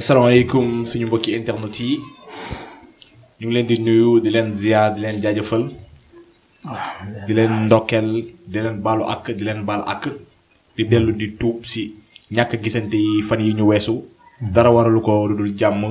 asalaamaaleykum suñu mbokki internet yi ñu ngi leen di nuyu di leen ziar di leen jaajëfal di leen ndokkeel di leen baalu ak di leen baal ak di dellu di tuub si ñàkk gisante yi fan yi ñu weesu dara waralu ko lu dul jàmm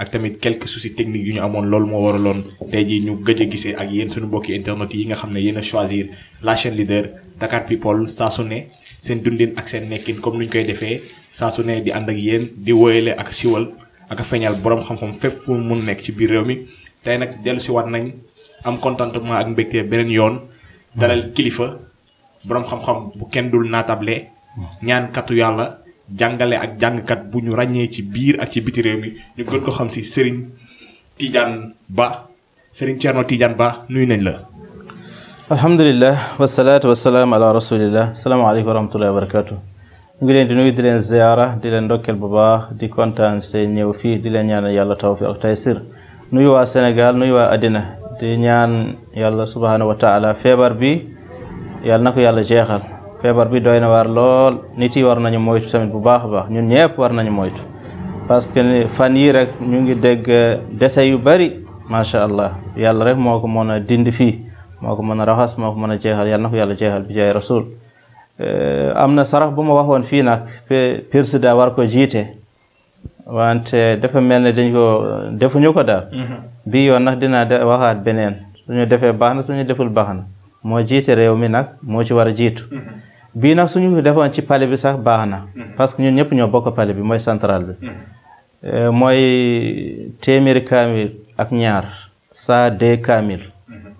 ak tamit quelques soucis technique yu ñu amoon loolu moo waraloon tey jii ñu gëj a gisee ak yéen suñu mbokki internet yi nga xam ne yéen a choisir la chaîne leader Dakar People saa su ne seen dundin ak seen nekkin comme ni ñu koy defee saa su ne di ànd ak yéen di woyale ak siwal ak feeñal boroom xam-xam fépp fu mun nekk ci biir réew mi tey nag dellu si waat nañ am contentement ak mbégte beneen yoon dalal mm. kilifa boroom xam-xam bu kenn dul naatable mm. ñaankatu katu yàlla jàngale ak jàngkat bu ñu ràññee ci biir ak ci biti réew mi ñu gën ko xam si sëriñ Tidiane Ba Serigne Thierno Tidiane Ba nuyu nañ la. alhamdulilah wasalaatu wasalaam ala rasulillah salaamaaleykum wa rahmatullahi wa barakatuh ñu ngi leen di nuyu di leen ziyaara di leen dokkeel bu baax di kontaan seen ñëw fii di leen ñaan yàlla tawfiq ak taysir nuyu waa Sénégal nuyu waa àddina di ñaan yàlla subhaanahu wa taala feebar bi yàlla na ko yàlla jeexal feebar bi dooy na waar lool nit yi war nañu moytu tamit bu baax a baax ñun ñëpp war nañu moytu parce que fan yii rek ñu ngi dégg dese yu bari macha allah yàlla rek moo ko mën a dindi fii moo ko mën a raxas moo ko mën a jeexal yàlla na ko yàlla jeexal bi jaay rasul Eh, am na sarax bu ma waxoon fii nag président war ko jiite wante dafa mel ne dañ ko defuñu ko daal mhm. bi yoon nag dinaa waxaat beneen suñu defee baax na suñu deful baax na moo jiite réew mi nag moo ci war a jiitu mhm. bii nag suñu defoon ci pale bi sax baax na mhm. parce que ñun ñëpp ñoo bokk pale bi mooy central bi eh, mooy téeméeri kaamil ak ñaar saa dee kaamil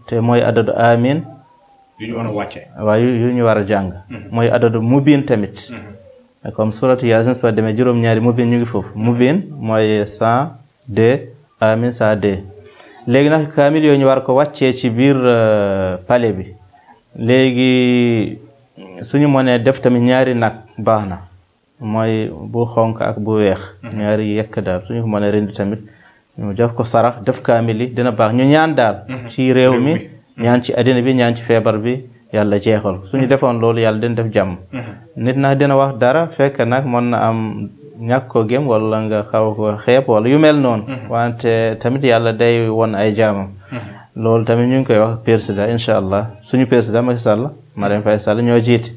te mooy adadu amin yu ñu war a wàcce waaw yu ñu war a jàng mm-hmm. mooy adadu mubin tamit mm-hmm. comme suratu yaasin soo demee juróom-ñaari mubin ñu ngi foofu mubin mooy cent deux amin cent deux léegi nag kaamil yooyu ñu war ko wàccee ci biir euh, pale bi léegi suñu mënee def tamit ñaari nag baax na mooy bu xonk ak bu weex mm-hmm. ñaari yekk daal suñu ko mënee tamit ñu def ko sarax def kaamil yi dina baax ñu ñaan daal ci réew ñaan ci àddina bi ñaan ci feebar bi yàlla jeexal ko suñu mm-hmm. defoon loolu yàlla dina def jàmm mm-hmm. nit nag dina wax dara fekk nag mon na am ñàkk ko gëm wala nga xaw ko xeeb wala yu mel noonu mm-hmm. wante tamit yàlla day won ay jaamam loolu tamit ñu ngi koy wax président incha allah suñu président Macky Sall Marième Faye Sall ñoo jiit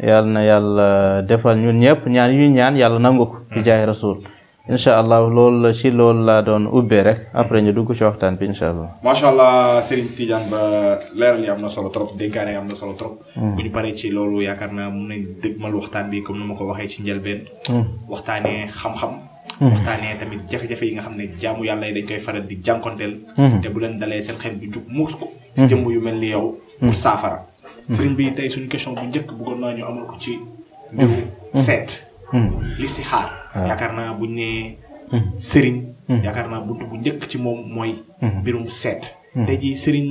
yàlla na yàlla defal ñun ñëpp ñaan yu ñaan yàlla nangu ko ci jaay incha allah loolu la ci loolu laa doon ubbee rek après ñu dugg ci waxtaan bi incha allah. macha allah Serigne Tidiane ba leeral yi am na solo trop dénkaane am na solo trop. Hmm. bu ñu paree ci loolu yaakaar naa mun nañ dëgmal waxtaan bi comme ni ma ko waxee ci njëlbeen. Hmm. waxtaanee xam-xam. Hmm. waxtaanee tamit jafe-jafe yi nga xam ne jaamu yàlla yi dañ koy faral di jànkonteel. te bu leen dalee seen xel yu mel ni yow. pour saafara. Serigne bi tey suñu question bu seet. li si xaar. Ah. yaakaar naa buñ nee. Hmm. sëriñ. Hmm. yaakaar naa bunt bu njëkk ci moom mooy. Hmm. mbirum seet. tey jii sëriñ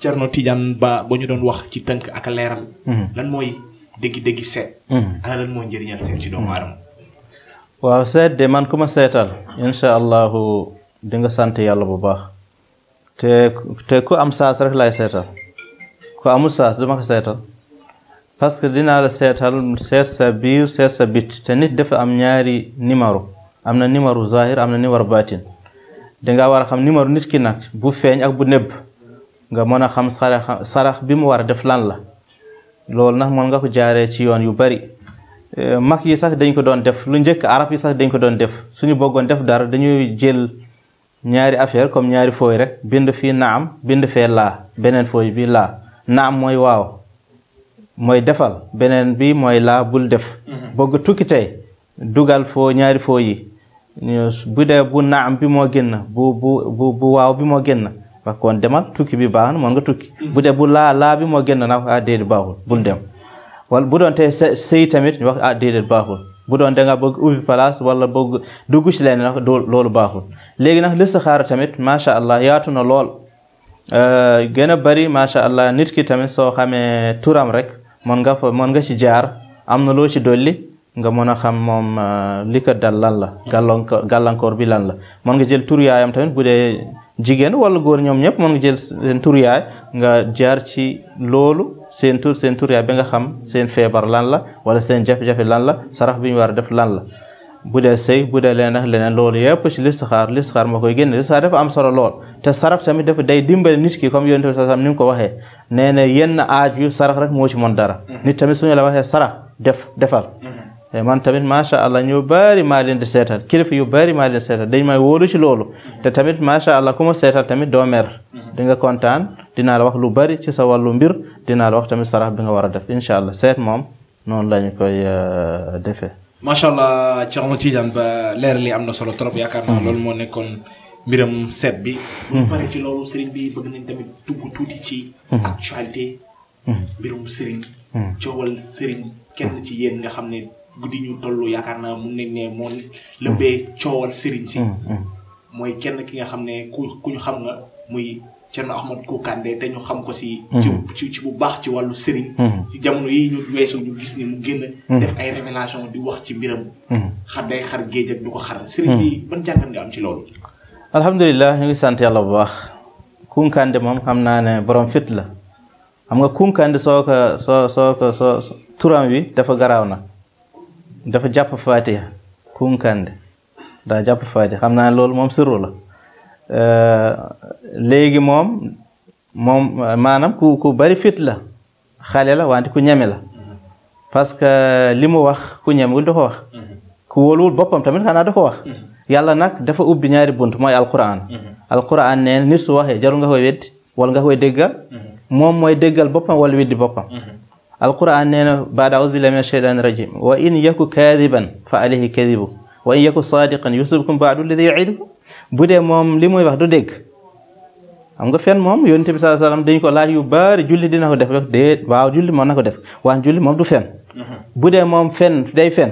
Thierno Tidiane ba ba ñu doon wax ci tënk ak leeral. lan mooy dégg-dégg seet. ana lan mooy njëriñal seet ci doomu waaw seet de man ku ma seetal incha allahu di nga sant yàlla bu baax te te ku am saas rek laay seetal ku amul saas duma ko seetal. parce que dinaa la seetal seet sa biir seet sa bit te nit dafa am ñaari numéro am na numéro zahir am na numéro batin danga war a xam numéro nit ki nag bu feeñ ak bu nëbb nga mën a xam sarax bi mu war a def lan la loolu nag mën nga ko jaaree ci yoon yu bari eh, mag yi sax dañ ko doon def lu njëkk arab yi sax dañ ko doon def suñu bëggoon def dara dañuy jël ñaari affaire comme ñaari fooy rek bind fii naam bind fee laa beneen fooy bi laa naam mooy waaw mooy defal beneen bi mooy laa bul def mhm. bëgg tukki tey dugal foo ñaari foo yi bu dee bu naam bi moo génn bu bu bu waaw bi moo génn parce kon demal tukki bi baax na mën nga tukki mhm. bu dee bu laa laa bi moo génn naa ko ah déedéet baaxul bul dem wala bu doon tey sëy tamit ñu wax ah déedéet baaxul bu doon da nga bëgg ubbi place wala bëgg dugg ci leen nag loolu baaxul léegi nag listixaara tamit macha allah yaatu na lool euh, gën a bari macha allah nit ki tamit soo xamee turam rek mën nga fa mën nga ci jaar am na loo ci dolli nga mën a xam moom euh, li ko dal lan la gàllankoor gàllankoor bi lan la mën nga jël tur yaayam tamit bu dee jigéen wala góor ñoom ñëpp mën nga jël seen tur yaay nga jaar ci loolu seen tur seen tur yaay bi nga xam seen feebar lan la wala seen jafe-jafe lan la sarax bi ñu war a def lan la bu dee sëy bu dee leneen ak leneen loolu yëpp ci listixaar listixaar moo koy génne listixaar dafa am solo lool te sarax tamit dafa day dimbale nit ki comme yonent bi sallallahu alayhi ko waxee nee na yenn aaj yu sarax rek moo ci mën dara mm-hmm. nit tamit suñu la waxee sarax def defal mm-hmm. eh, man tamit macha allah ñu bari maa leen di seetal kilifa yu bari maa leen seetal dañ may wóolu ci loolu mm-hmm. te tamit macha allah ku seetal tamit doo mer di nga kontaan dinaa la wax lu bari ci sa wàllu mbir dinaa la wax tamit sarax bi nga war a def incha allah seet moom noonu lañu koy eh, defe macha allah Cheikhna Tidiane leer li am na solo trop yaakaar naa hmm. loolu moo nekkoon mbiram seet bi. Hmm. bu paree ci loolu sëriñ bi bëgg nañ tamit dugg tuuti ci. Hmm. actualité. mbirum sëriñ. coowal sëriñ kenn ci yéen nga xam ne guddi ñu toll yaakaar naa mun nañ ne moo lëmbee coowal sëriñ si. mooy kenn ki nga xam ne ku ku ñu xam nga muy. Thierno Ahmad Koukandé te ñu xam ko mhm. ci bu baax ci wàllu sëriñ. ci mhm. jamono yi ñu weesu ñu gis ni mu génn. Mhm. def ay révélation di wax ci mbiram. xar day xar géej du ko xar. sëriñ bi ban jàngat nga am ci loolu. alhamdulilah ñu ngi bu baax. Koukandé moom xam naa ne borom fit la. xam nga Koukandé soo ko soo soo ko soo turam wi dafa garaaw na. dafa jàpp Fatiha Koukandé daa jàpp Fatiha xam naa loolu moom sirru la. Euh, léegi moom moom maanaam ku ku bari fit la xale la wante ku ñeme la parce que li mu wax ku ñemewul da ko wax ku wóoluwul boppam tamit xanaa da ko wax yàlla nag dafa ubbi ñaari bunt mooy alquran alquran nit su waxee jarul nga koy weddi wala nga koy déggal moom mooy déggal boppam wal weddi boppam alquran nee na baada audu billahi min asheytani rajim wa in yaku kadiban fa alayhi kadibu wa in yaku sadiqan yusibkum baadu alladi yaidu bu dee moom li muy wax du dégg xam nga fen moom yonent bi sallallahu alayhi dañ ko laaj yu baari julli dina ko def rek déet waaw julli moom na ko def waan julli moom du fen mhm. bu dee moom fen day fen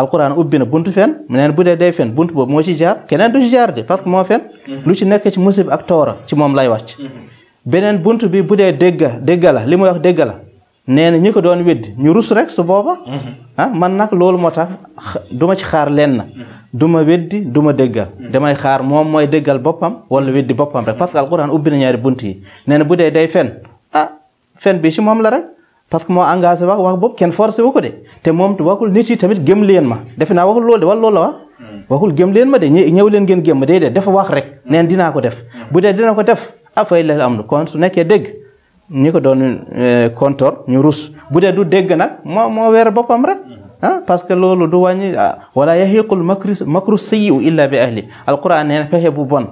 alquran ubbi na buntu fen mu neen bu dee dey fen bunt boobu moo ci jaar keneen du ci jaar de parce que moo fen mhm. lu ci nekk ci musib ak toora ci moom lay wàcc mhm. beneen bunt bi bu dee dégga dégga la li muy wax dégga la nee na ñi ko doon weddi ñu rus rek su booba mhm. ah man nag loolu moo tax du ma ci xaar lenn mhm. du ma weddi du ma déggal mhm. damay xaar moom mooy déggal boppam wala weddi boppam rek parce que alquran ubbi na ñaari bunt yi nee na bu dee day fen ah fen bi ci moom la rek parce que moo engagé wax wax boobu kenn forcé wu ko de te moom waxul nit tamit gëm leen ma defe naa waxul loole de wala loolu la wax waxul gëm leen ma de ñëw leen ngeen gëm ma déedéet defa wax rek neen dinaa ko def bu dee dina ko def afay la am kon su nekkee dégg ñi ko doon kontor euh, ñu rus bu dee du dégg nag moo moo weer boppam rek ah parce que loolu du wàññi ah, wala yahiqul makru makru sayyi'u illa bi ahli alquran nee na pexe bu bon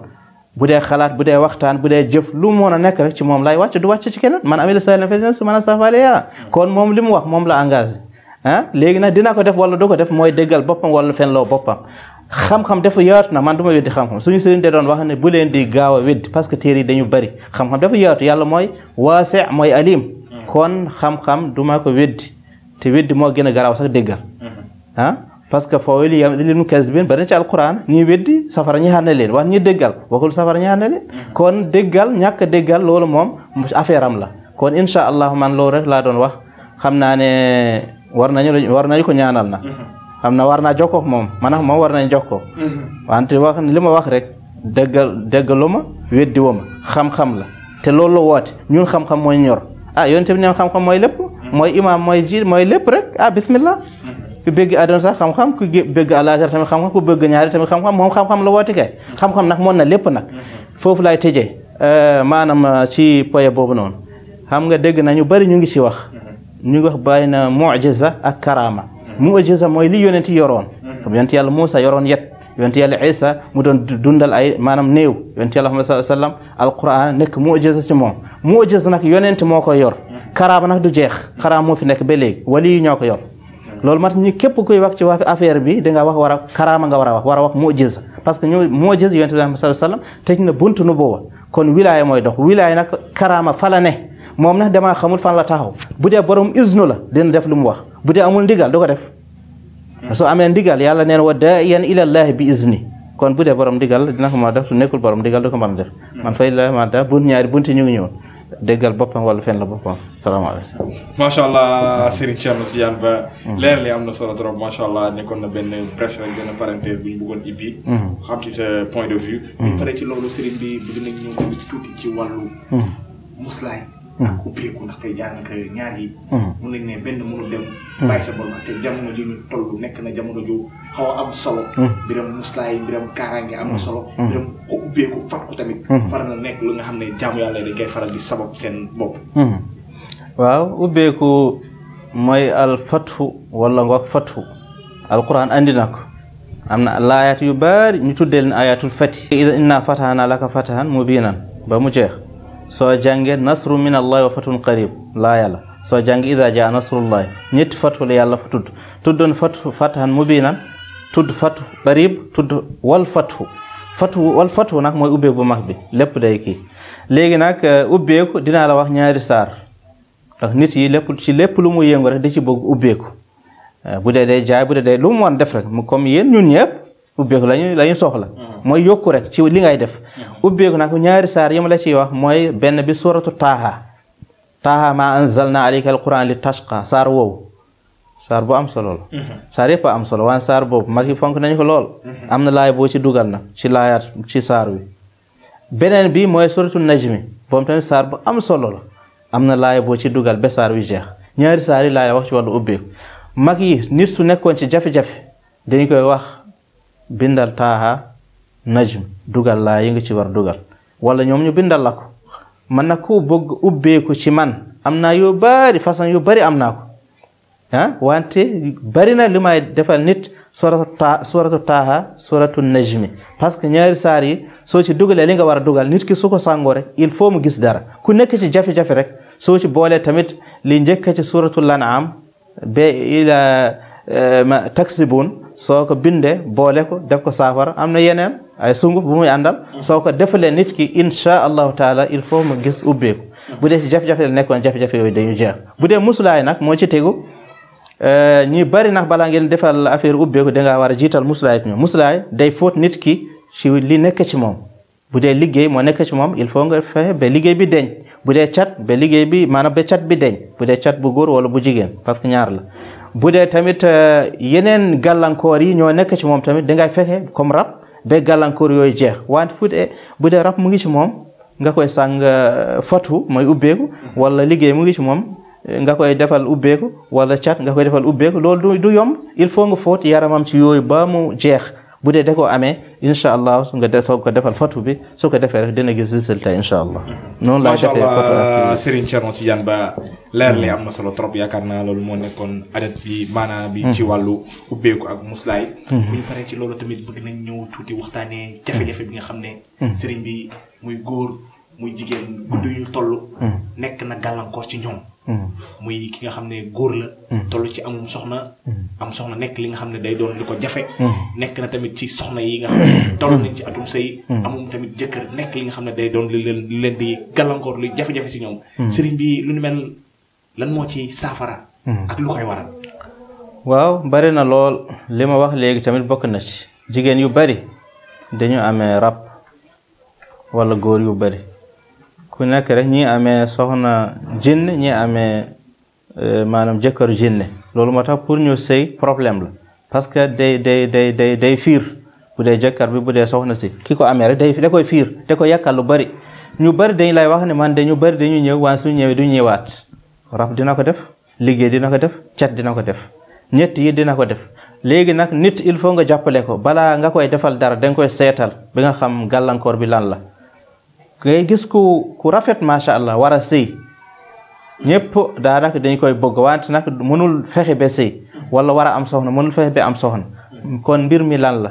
bu dee xalaat bu dee waxtaan bu dee jëf lu moon a nekk rek ci moom lay wàcc du wàcc ci keneen man amila salihan falinafsihi wa man asaa'a kon moom li mu wax moom la engagé ah léegi nag dina ko def wala du ko def mooy déggal boppam wala fenloo boppam xam-xam dafa yaatu na man du ma weddi xam-xam suñu sëriñ de doon wax ne bu leen di gaaw a weddi parce que téere yi dañu bëri xam-xam dafa yaatu yàlla mooy waase mooy alim kon xam-xam du ma ko weddi te weddi moo gën a garaaw sax déggal mm-hmm. ah parce que foo weli yam linu kasbin bari na ci alquran ñi weddi safara ñi xar na leen wax ñi déggal waxul safara ñi xar na leen mm-hmm. kon ñàkk déggal loolu moom affaire am la kon incha allah man loolu rek laa doon wax xam naa ne war nañu war nañu ko ñaanal na mm-hmm. xam na war naa jokkoo ak moom maanaam moom war nañ jokkoo mhm. wante wax li ma wax rek dëggal dëggalu ma weddi woo ma xam-xam la te loolu la woote ñun xam-xam mooy ñor ah yonent bi ne xam-xam mooy lépp mhm. mooy imaam mooy jiir mooy lépp rek ah bismillah mhm. ku bëgg àdduna sax xam-xam ku bëgg àllaaxira tamit xam-xam ku bëgg ñaari tamit xam-xam moom xam-xam la woote kay xam-xam nag mën na lépp nag foofu laay tëjee euh, maanaam euh, ci poye boobu noonu xam nga dégg na ñu bari ñu ngi ci wax ñu ngi wax bàyyi na mujiza ak karaama mu'jiza mooy li yonent yoroon comme mm-hmm. yonent yàlla Muusa yoroon yet yonent yàlla Isa mu doon dundal ay maanaam néew yonent yàlla Muhammad sallam alquran nekk mu'jiza ci moom mu'jiza nag yonent moo ko yor karaama mm-hmm. nag du jeex karaama moo fi nekk ba léegi wali yi ñoo ko yor mm-hmm. loolu mat ñu képp kuy wax ci wax affaire bi da nga wax war a karaama nga war a wax war a wax mu'jiza parce que ñu mu'jiza yonent yàlla Muhammad sallam tëj na buntu nubuwa kon wilaaya mooy dox wilaaya nag karaama fa la ne moom nag demaa xamul fan la taxaw bu dee borom iznu la dina def lu mu wax bu dee amul ndigal du ko def soo amee ndigal yàlla neen wa daa'iyan ilallaahi bi izni kon bu dee borom ndigal dina ko mën a def su nekkul borom ndigal du ko ma a def man fay la ma da bunt ñaari bunti ñu ngi ñëw boppam wala fen la boppam salaamaaleykum. macha allah Serigne Thierno Tidiane Ba. leer li am na solo trop macha allah nekkoon na benn brèche rek benn parenthèse bu ñu bëggoon hmm. de vue. bu hmm. paree ci loolu Serigne bi bëgg ak mm. ubbeeku ndax mm. mm. tey nekk na jamono ju xaw a am solo. biram muslaay biram kaaraange am na solo. biram ko ubbeeku fàtku tamit. faral na nekk lu nga xam ne jaamu yàlla dañ koy faral di sabab seen bopp. waaw ubbeeku mooy al fathu wala ngoog fathu alquran andi na ko am na laayaat yu baari ñu tuddee leen ayatul fati. inna fatahna laka fatahan mubinan ba mu jeex. so jàngee nasru min allahi wa fatun qarib laaya la soo jàngee ida jaa nasrullahi ñetti fatu la yàlla fa tudd tuddoon fatu fatahan mubinan tudd fatu qarib tudd wal fatu fatu nag mooy ubbeeku bu mag bi lépp day kii léegi nag uh, ubbeeku dinaa la wax ñaari saar ndax nit yi lépp ci lépp lu mu yëngu rek da ci bëgg ubbeeku uh, bu dee day jaay bu dee de lu mu wan def rek comme yéen ñun ñëpp ubbeeku lañu la ñu soxla mmh. mooy yokku ci li ngay def mmh. ubbeeku nag ñaari saar yi ma la ciy wax mooy benn bi suratu taaha taaha maa anzalna alayka alquran li tashqa saar woowu saar bu am solo la mmh. saar yëpp am solo waan saar boobu mag yi fonk nañu ko lool am na laay boo ci dugal na ci laayaat ci saar wi beneen bi mooy suratu najmi boobu tamit saar bu am solo la am na laay boo ci dugal ba saar wi jeex ñaari saar yi laay wax ci wàllu ubbeeku mag yi nit su nekkoon ci jafe-jafe dañu koy wax bindal taaha najm dugal laa yi nga ci war dugal wala ñoom ñu bindal la ko man nag ku bëgg ubbeeku ci man am naa yu bari façon yu bari am naa ko wante bari na li may defal nit suratu ta suratu taaha suratu najmi parce que ñaari saar yi soo ci dugalee li nga war a dugal nit ki su ko sàngoo rek il faut gis dara ku nekk ci jafe-jafe rek soo ci boolee tamit li njëkk ci suratul an'am ba ila eh, taksibun soo ko bindee boole ko def ko saafara am na yeneen ay sunguf bu muy àndal soo ko defalee nit ki insha allahu taala il faut mu gis ubbeeku bu dee ci jafe-jafe la nekkoon jafe-jafe wi dañu jeex bu dee musulaay nag moo ci tegu euh, ñi bari nag balaa ngeen defal affaire ubbeeku dangaa war a jiital musulaay ci ñoom musulaay day fóot nit ki ci li nekk ci moom bu dee liggéey moo nekk ci moom il faut nga fexe ba liggéey bi deñ bu dee cat ba liggéey bi maanaam be cat bi deñ bu dee cat bu góor wala bu jigéen parce que ñaar la bu dee tamit euh, yeneen gàllankoor yi ñoo nekk ci moom tamit dangay fexe comme rab ba gàllankoor yooyu jeex wante fu dee bu dee rab mu ngi ci moom nga koy sàng euh, fatu mooy ubbeeku wala liggéey mu ngi ci moom euh, nga koy defal ubbeeku wala cat nga koy defal ubbeeku loolu du yom il faut nga fóot yaramam ci yooyu ba mu jeex bu dee da koo amee incha allah nga def soo ko defal fatu bi soo ko defee rek dina gis résultat incha allah. noonu laa defee fatu allah Serigne Thierno Tidiane Ba leer li hmm. am na solo trop yaakaar naa loolu moo nekkoon adat bi maanaa bi hmm. ci wàllu ubbeeku ak muslaay. Hmm. bu ñu ci loolu tamit bëgg nañ ñëw tuuti waxtaanee jafe-jafe bi nga xam ne. Serigne bi muy góor muy jigéen gudd yu ñu toll. nekk na gàllankoor ci ñoom. Mm. muy ki nga xam ne góor la. Mm. toll ci amum soxna. Mm. am soxna nekk li nga xam ne day doon li ko jafe. nekk na tamit ci soxna yi nga xam ne toll nañ ci atum sëy. amum tamit jëkkër nekk li nga xam ne day doon li leen li leen di gàllankoor li jafe-jafe si ñoom. sëriñ bi lu ñu mel lan moo ci saafara. ak lu koy waral. waaw bari na lool li ma wax léegi tamit bokk na ci jigéen yu bari dañu amee rab wala góor yu bari. ku nekk rek ñi amee soxna jinne ñi amee euh, maanaam jëkkëru jinne loolu moo tax pour ñu sëy problème la parce que day day day day day fiir bu dee jëkkër bi bu dee soxna si ki ko amee rek day da koy fiir da koy yàkkal lu bari ñu bari dañ lay wax ne man dañu bari dañu ñëw waan su ñëwee du ñëwaat rab dina ko def liggéey dina ko def cat dina ko def ñett yi dina ko def léegi nag nit il faut nga jàppale ko balaa nga koy defal dara danga koy seetal bi nga xam gàllankoor bi lan la ngay gis ku ku rafet macha allah war a sëy ñëpp daanaka dañ koy bëgg want nag mënul fexe ba sëy wala war a am soxna mënul fexe ba am soxna kon mbir mi lan la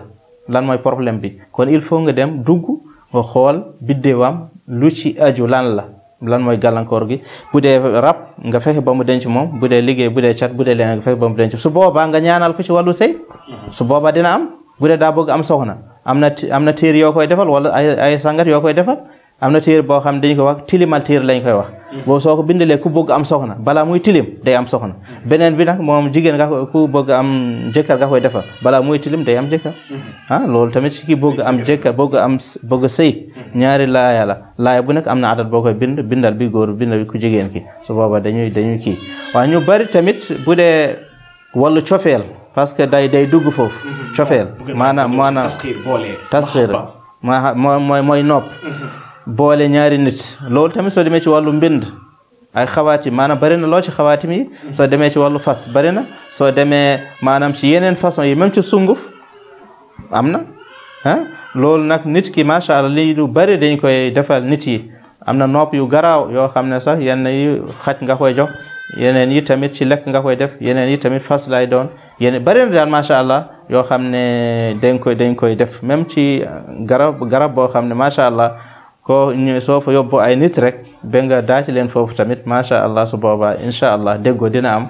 lan mooy problème bi kon il faut nga dem dugg nga xool biddewam lu ci aju lan la lan mooy gàllankoor gi bu dee rab nga fexe ba mu denc moom bu dee liggéey bu dee cat bu dee leneen nga fexe ba mu denc su boobaa nga ñaanal ko ci wàllu sëy su boobaa dina am bu dee daa bëgg am soxna am na am na téer yoo koy defal wala ay ay sangat yoo koy defal am na téere boo xam ne dañu koy wax tilimal téere lañ koy wax hmm. boobu soo ko bindalee ku bëgg am soxna balaa muy tilim day am soxna hmm. beneen bi nag moom jigéen nga ku bëgg am jëkkër nga koy defar balaa muy tilim day am jëkkër ah loolu tamit ki bëgg am jëkkër bëgg am bëgg sëy ñaari laaya la laaya bu nekk am na adat boo koy bind bindal bi góor bindal ku jigéen ki su booba dañuy dañuy kii waaye ñu bari tamit bu dee wàllu cofeel parce que day day dugg foofu cofeel maanaam maanaam tasxiir mooy mooy nopp boole ñaari nit loolu tamit so demee ci wàllu mbind ay xawaatim maanaam bari na loo ci xawaatim yi soo demee ci wàllu fas bari na soo demee maanaam ci yeneen façon yi même ci sunguf am na ah loolu nag nit ki macha allah lii lu bari dañ koy defal nit yi am na nopp yu garaaw yoo xam ne sax yenn yi xaj nga koy jox yeneen yi tamit ci lekk nga koy def yeneen yi tamit fas lay doon yeneen bari na daal macha allah yoo xam ne dañ koy dañ koy def même ci garab garab boo xam ne macha allah. ko soo fa yóbbu ay nit rek ba nga leen foofu tamit macha allah su boobaa incha allah déggoo dina am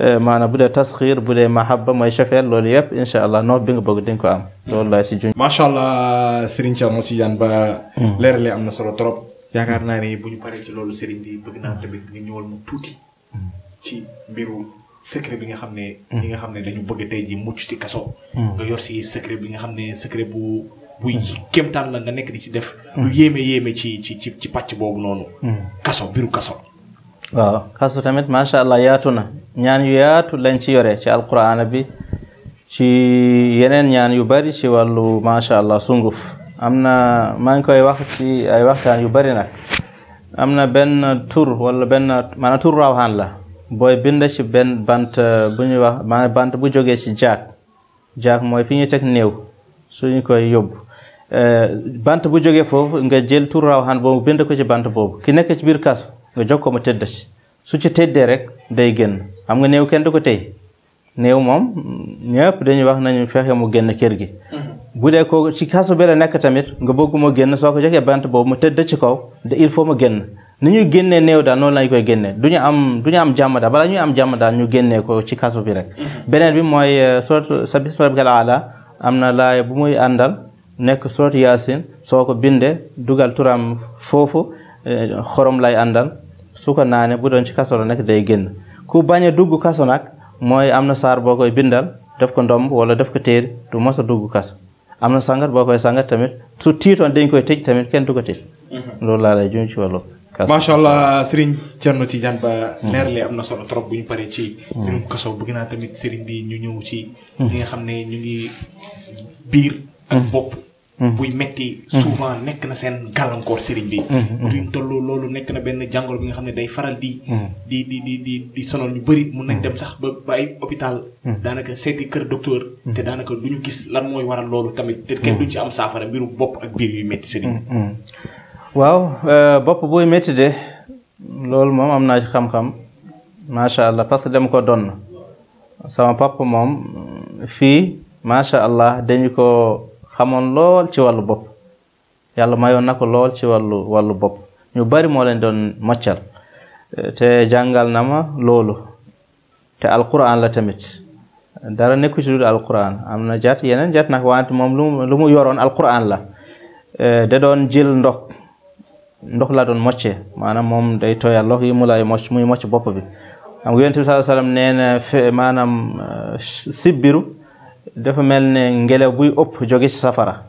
eh, maanaam bu dee tasxiir bu dee mahabba mooy chafeel loolu yëpp incha allah noof bi nga bëgg di nga ko am. loolu laa si junj. macha allah Serigne hmm. am na solo trop. yaakaar naa ne bu ñu paree ci loolu Serigne bi bëgg naa tamit nga ñëwal mu tuuti ci mbiru. secret bi nga xam ne. ñi nga xam dañu bëgg tey mucc ci kaso. Hmm. nga yor si secret nga xam ne secret bu buy mm. kéemtaan la nga nekk di ci def. lu mm. yéeme yéeme ci ci ci ci pàcc boobu noonu. Mm. kaso biiru kaso. kaso tamit macha allah yaatu na ñaan yu yaatu leen ci yore ci alquraan bi ci yeneen ñaan yu bari ci wàllu macha allah sunguf am na maa ngi koy wax ci ay waxtaan yu bari nag am na benn tur wala benn maanaam tur rawxaan la. booy bind ci benn bant uh, bu ñuy wax maanaam bant bu jógee ci jaag jaag mooy fi ñuy teg néew suñu koy yóbbu Eh, bant bu jógee foofu nga jël tur rawaxaan boobu bind ko ci bant boobu ki nekk ci biir kaas nga jox ko mu tëdd ci su ci tëddee rek day génn am nga néew kenn du ko tey néew moom ñëpp dañuy wax nañu fexe mu génn kër gi mm-hmm. bu dee ci kaso bi la tamit nga bëgg génn soo ko joxee bant boobu mu tëdd ci kaw il faut mu génn ni ñuy génnee néew daal noonu lañ koy génnee du am du am jàmm daal balaa ñuy am jàmm daal ñu génnee ko ci kaso bi rek mm-hmm. beneen bi mooy eh, sot sa bismarabbikal aala am na laay bu muy àndal nekk soot yaasin soo ko bindee dugal turam foofu eh, xorom lay àndal su ko naanee bu doon ci kaso la nekk day génn ku bañ a dugg kaso nag mooy am na saar boo koy bindal def ko ndomb wala def ko téeri du mos a dugg kaso am na sangat boo koy sangat tamit su tiitoon dañ koy tëj tamit kenn du tëj mhm. loolu laa lay jun ci wàllu macha allah Serigne Thierno Tidiane Ba. leer lee am na solo trop bu ñu paree ci. Mhm. mbirum kaso bëgg ñu ñëw ci. ñi mhm. nga xam ne ñu ngi biir. ak bopp Mm-hmm. buy metti souvent mm-hmm. nekk na seen gàllankoor sëriñ bi mm-hmm. duñ toll loolu nekk na benn jàngoro bi nga xam ne day faral di di di di di di ñu bëri mun nañ dem sax ba ba ay hôpital daanaka seeti kër docteur te daanaka du ñu gis lan mooy waral loolu tamit te kenn duñ ci am saafara mbiru bopp ak biir yuy metti sëriñ bi waaw euh, bopp buy metti de loolu moom am naaj ci xam-xam macha allah parce que dama ko doon sama papa moom fii macha allah dañu ko xamoon lool ci wàllu bopp yàlla mayoon na ko lool ci wàllu wàllu bopp ñu bari moo leen doon moccal te jàngal na ma loolu te alquran la tamit dara nekku ci dul alquran am na jat yeneen jat nag wante moom lu lu mu yoroon alquran la e, da doon jël ndox ndox la doon mocce maanaam moom day tooyal lox yi mu bopp bi am nga yonent bi e, sibbiru dafa mel ne ngelaw buy ëpp jóge ci safara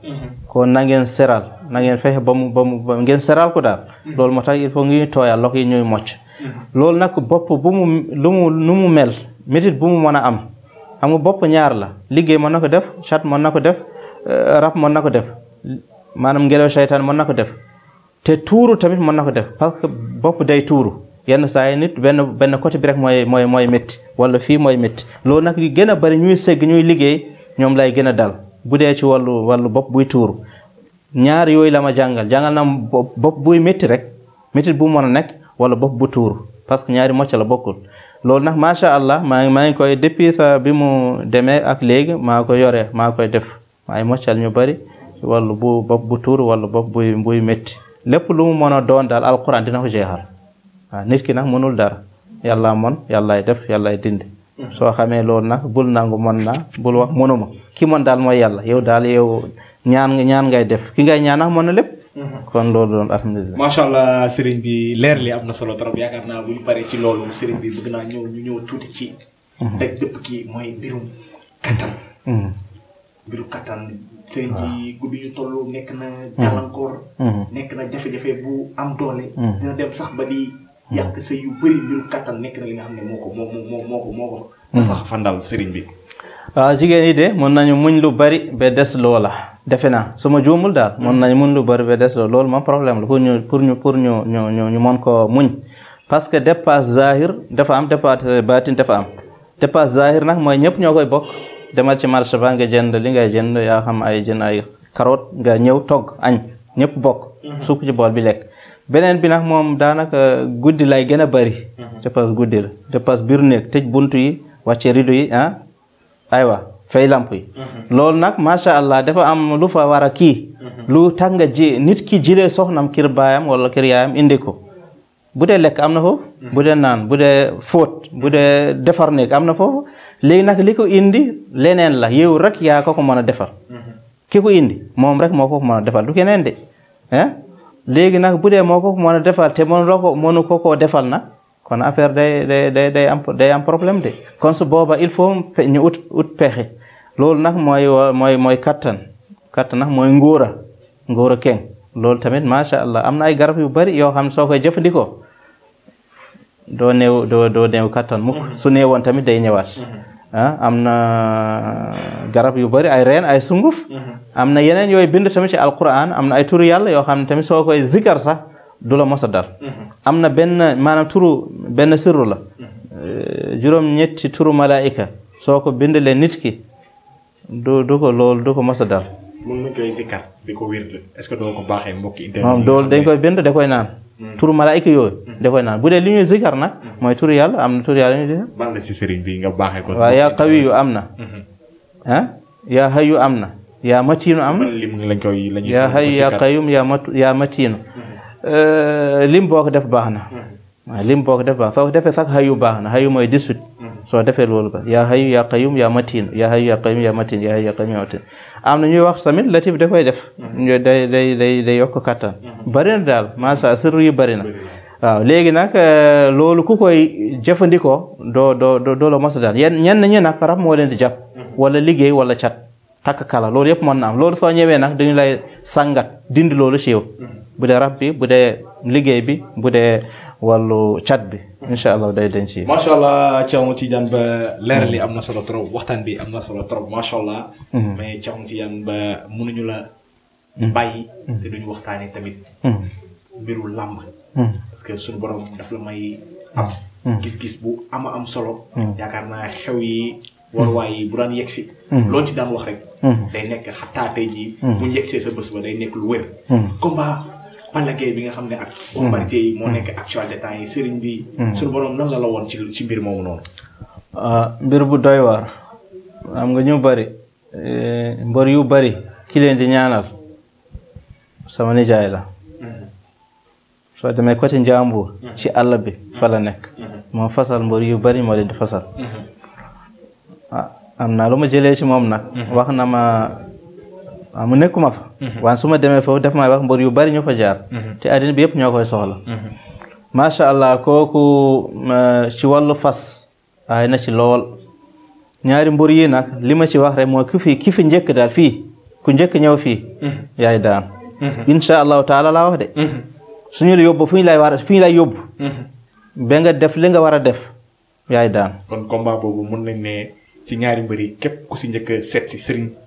ko na ngeen seral na ngeen fexe ba mu ba mu ngeen seral ko daal loolu moo tax il ngi tooyal loxo ñuy mocc loolu nag bopp bu mu lu mu nu mu mel métit bu mu mën a am amu bopp ñaar la liggéey mën na ko def chat mën na ko def euh, rab mën na ko def maanaam ngelaw seytaan mën na ko def te tuuru tamit mën na ko def parce que bopp day tuuru yenn saa yi nit benn benn côté bi rek mooy mooy mooy métti wala fii mooy métti loolu nag li gën a bari ñuy sëgg ñuy liggéey ñoom lay gën a dal bu dee ci wàllu wàllu bopp buy tuur ñaar yooyu la jàngal jàngal na bopp buy métti rek métti bu mu mën a wala bopp bu tuuru parce que ñaari mocc la bokkul loolu nag macha allah maa ngi maa ngi koy depuis sa bi mu demee ak léegi maa koy yore maa koy def maay moccal ñu bari wàllu bu bopp bu tuur wala bopp buy buy métti lépp lu mu mën a doon daal alquran dina ko jeexal waaw nit ki nag mënul dara yàlla mën yàllaay def yàllaay dindi soo xamee loolu nag bul nangu mën naa bul wax mënuma ki mën daal mooy yàlla yow daal yow ñaan ñaan ngay def ki ngay ñaan nag mën na lépp mhm. kon loolu doon alhamdulilah macha bi leer am na solo trop yaakaar naa ci loolu sëriñ bi bëgg mhm. ki mooy mbirum Hmm. yàq sa yu bi. waaw ah, jigéen yi de mën nañu muñ lu bari ba des loola defe naa su ma juumul daal mën nañu muñ lu bari ba des loola loolu moom problème la pour ñu pour ñu pour ñu ñu ñu mën koo muñ parce que dépasse zahir dafa am dépasse baatin dafa am dépasse zahir nag mooy ñëpp ñoo koy bokk demal ci marché ba nga jënd li ngay jënd yaa xam ay jën ay carotte nga ñëw togg añ ñëpp bokk. Hmm. sukk ci bool bi lekk. beneen bi nag moom daanaka guddi lay gën a bëri. dépense mhm. guddi la dépense biir néeg tëj buntu yi wàcce rido yi ah aywa fay lamp yi. Mhm. loolu nag macha allah dafa am lu fa war a kii. Mhm. lu tax nga ji nit ki jilee soxnam kër baayam wala kër yaayam indi ko. bu dee lekk am na foofu. bu dee naan bu dee fóot bu dee defar néeg am na foofu léegi nag li ko indi leneen la yow rek yaa ko ko mën a defar. ki ko indi moom rek moo ko mën a defar du keneen de ah. léegi nag bu dee moo ko mën a defal te mënuloo ko mënu ko koo defal na kon affaire day day day am day am problème de kon su booba il faut ñu ut ut pexe loolu nag mooy mooy kattan kattan nag mooy nguura nguura keng loolu tamit macha allah am na ay garab yu bari yoo xam soo koy jëfandikoo doo néew doo doo kattan mukk mm-hmm. su néewoon tamit day ñëwaat. Mm-hmm. Ah, am na garab yu bari ay reen ay sunguf mm-hmm. am na yeneen yooyu bind tamit ci alquran am na ay turu yàlla yoo xam ne tamit soo koy zikar sax dula la a dal mm-hmm. am na benn maanaam turu benn sirru la mm-hmm. eh, juróom ñetti turu malaika soo ko bindalee nit ki du du ko loolu du ko mos a dal mën na koy zikar di ko dañ koy bind da koy naan Hmm. tur malaayika yooyu hmm. da koy naan bu dee li ñuy zikar nag hmm. mooy turu yàlla am na turu yàlla ñu di ban baaxee ko waaw yaa qawiyu am na ah yaa hayyu am na yaa matiinu am na yaa hayyu yaa qayyum yaa mat yaa matiinu euh, lim boo ko def baax na waaw lim boo ko def baax soo defee sax hayyu baax na hayyu mooy dix-huit soo defee loolu ba yaa xayu yaa qayum yaa matin yaa xayu yaa qayum yaa matin yaa xayu yaa qayum yaa matin am na ñuy wax tamit latif da koy def mm-hmm. day day day day yokk kattan mm-hmm. bari na daal maasa sirru yi bari na waaw léegi nag euh, loolu ku koy jëfandikoo doo doo doo la mas daal yenn ñenn ñi nag rab moo leen di jàpp mm-hmm. wala liggéey wala cat takk kala loolu yëpp mën na am loolu soo ñëwee nag dañu lay sangat dindi loolu siiw bu dee rab bi bu dee liggéey bi bu dee wàllu cat bi. incha allah day denc yi. macha allah Thiam ba leer li am na solo trop waxtaan bi am na solo trop macha allah. Mhm. mais Thiam Tidiane ba ñu la mhm. bàyyi. Mhm. te duñu waxtaanee tamit. mbiru làmb. parce que suñu borom daf la may am. gis-gis bu ama am solo. yaakaar naa xew yi. waruwaay yi bu daan yegsi. loolu ci daan wax rek. day nekk xataa tey jii. bu ñu sa bés ba day nekk lu wér. Balla Gaye bi nga xam ne ak. bombardier yi moo nekk actualité temps yi sëriñ bi. Hmm. la la woon ci ci ah, bu doy waar am nga ñu bari eh, mbër yu bari ki leen di ñaanal sama nijaay la. Hmm. soo demee côté Njàmbur hmm. ci àll bi fa la nekk. moo fasal mbër yu bari moo leen fasal. Ah, am naa lu ma jëlee ci moom nag. wax na ma. waaw mu nekkuma fa mhm. waaye su ma demee foofu daf may wax mbër yu bari ñu fa jaar mhm. te àddina bi yëpp ñoo koy soxla mhm. macha allah kooku ci wàllu fas waaye na ci lool ñaari mbër yi nag li ma ci wax rek mooy ki fi ki fi njëkk daal fii ku njëkk ñëw fii yaay daan incha allahu la yóbbu fu ñu lay a def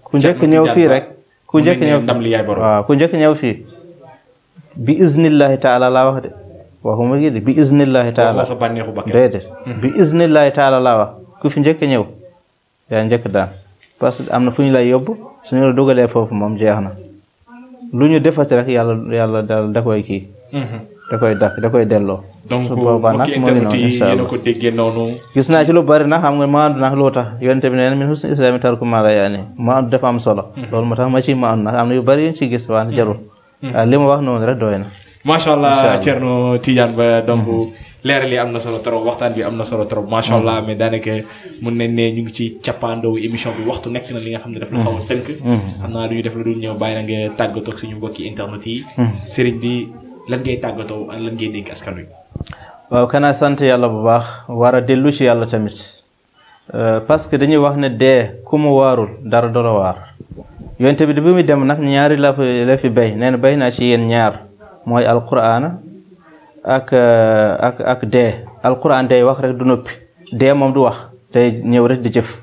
ku njëkk ñëw fii rek ku njëkk ñëw ndam li yaay borom waaw ku njëkk ñëw fii bi iznillahi taala laa wax de waxuma gi de bi iznillahi taala déedéet hmm. bi iznillahi taala laa wax ku fi njëkk ñëw yaa njëkk daan parce am na fu ñu lay yóbbu suñu la dugalee foofu moom jeex na lu ñu defati rek yàlla yàlla kii hmm. da koy daf da koy delloo. donc mbokki internet yi yéen a naa ci lu bari nag xam nga maandu nag tax yonte bi neen min husni islami am solo. Mm-hmm. loolu moo tax ma ci maandu nag am yu bari yuñ ci gis waan jarul. Mm-hmm. Ah, li ma wax noonu rek doy na. macha allah Thierno Tidiane Ba donc. Mm-hmm. leeral yi am na solo trop waxtaan bi am na solo trop macha allah mais daanaka mun nañ ne ñu ngi ci cappaandawu émission bi waxtu nekk na li nga xam ne daf la xaw a tënk. xam naa du ñu ñëw bàyyi na nga tàggatoo ak ñu mbokki internet yi. sëriñ bi. lan ngay tàggatoo ak waaw kanaa sant yàlla bu baax war a dellu ci yàlla tamit euh, parce que dañuy wax ne dee ku mu waarul dara doo la waar yonte bi bi muy dem nag ñaari la fi la fi béy nee na béy naa ci yéen ñaar mooy alquraan ak euh, ak ak dee alquraan day wax rek du noppi dee moom du wax day ñëw rek di jëf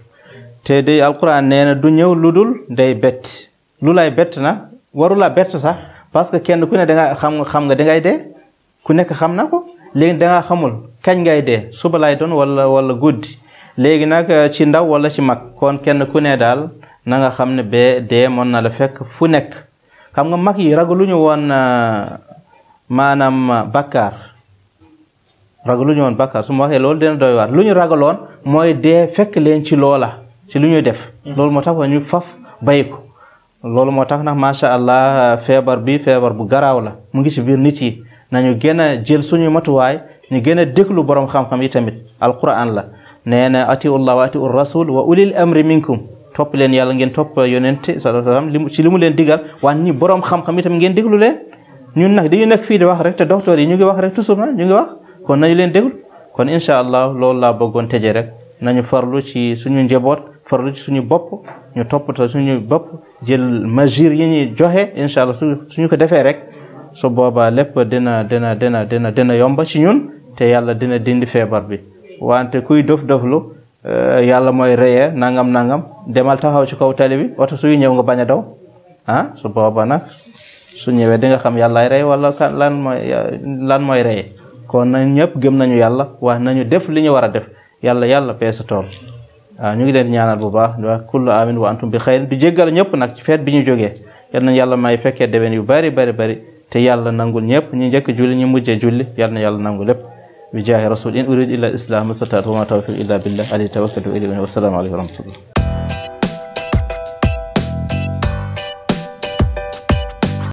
te day alquraan nee na du ñëw lu dul day bett lu lay bett na waru bett sax parce que kenn ku ne dangaa xam nga xam nga dangay de ku nekk xam na ko léegi dangaa xamul kañ ngay de suba lay doon wala wala guddi léegi nag euh, ci ndaw wala ci mag kon kenn ku ne daal na nga xam ne bee dee moon na la fekk fu nekk xam nga mag yi ragaluñu woon euh, maanaam euh, bakkaar ragaluñu woon bakkaar su ma waxee loolu dina doy waar lu ñu ragaloon mooy dee fekk leen ci loola ci lu ñuy def mm-hmm. loolu moo tax ñu faf bay loolu moo tax nag macha allah euh, feebar bi feebar bu garaaw la mu ngi ci biir nit yi nañu gën a jël suñu matuwaay ñu gën a déglu borom xam-xam yi tamit alquran la nee na atiullah wa atiur rasul wa ulil amri minkum topp leen yàlla ngeen topp yonente sallallahu alayhi wasallam ci li mu leen digal waa ñi borom xam-xam yi tamit ngeen déglu leen ñun nag dañu nekk fii di wax rek te docteur yi ñu ngi wax rek toujours na ah, ñu ngi wax kon nañu leen déglu kon incha allah loolu laa bëggoon tëjee rek nañu farlu ci suñu njaboot farlu ci suñu bopp ñu toppatoo suñu bopp jël mesure yi ñuy joxe incha allah suñu ko defee rek su boobaa lépp dina dina dina dina dina yomba ci ñun te yàlla dina dindi feebar bi wante kuy dof doflu euh, yàlla mooy reye nangam nangam demal taxaw ci kaw tali bi oto suy ñëw nga bañ a daw ah su boobaa nag su ñëwee di xam yàlla rey walla lan mooy lan mooy reye kon na ñëpp gëm nañu yàlla waa nañu def li ñu war a def yàlla yàlla peese tool ñu ngi leen ñaanal bu baax di wax kullu amin wa antum bi xayrin di jéggal ñëpp nag feet bi ñu jógee yal na yàlla may fekkee déwén yu bari bari bari te yàlla nangul ñëpp ñu njëkk julli ñu mujjee julli yal na yàlla nangul lépp bi jaahi rasul in urid illa al islam ma stataatu illa billah alayhi tawakkaltu wa ilayhi wa salaamu alaykum wa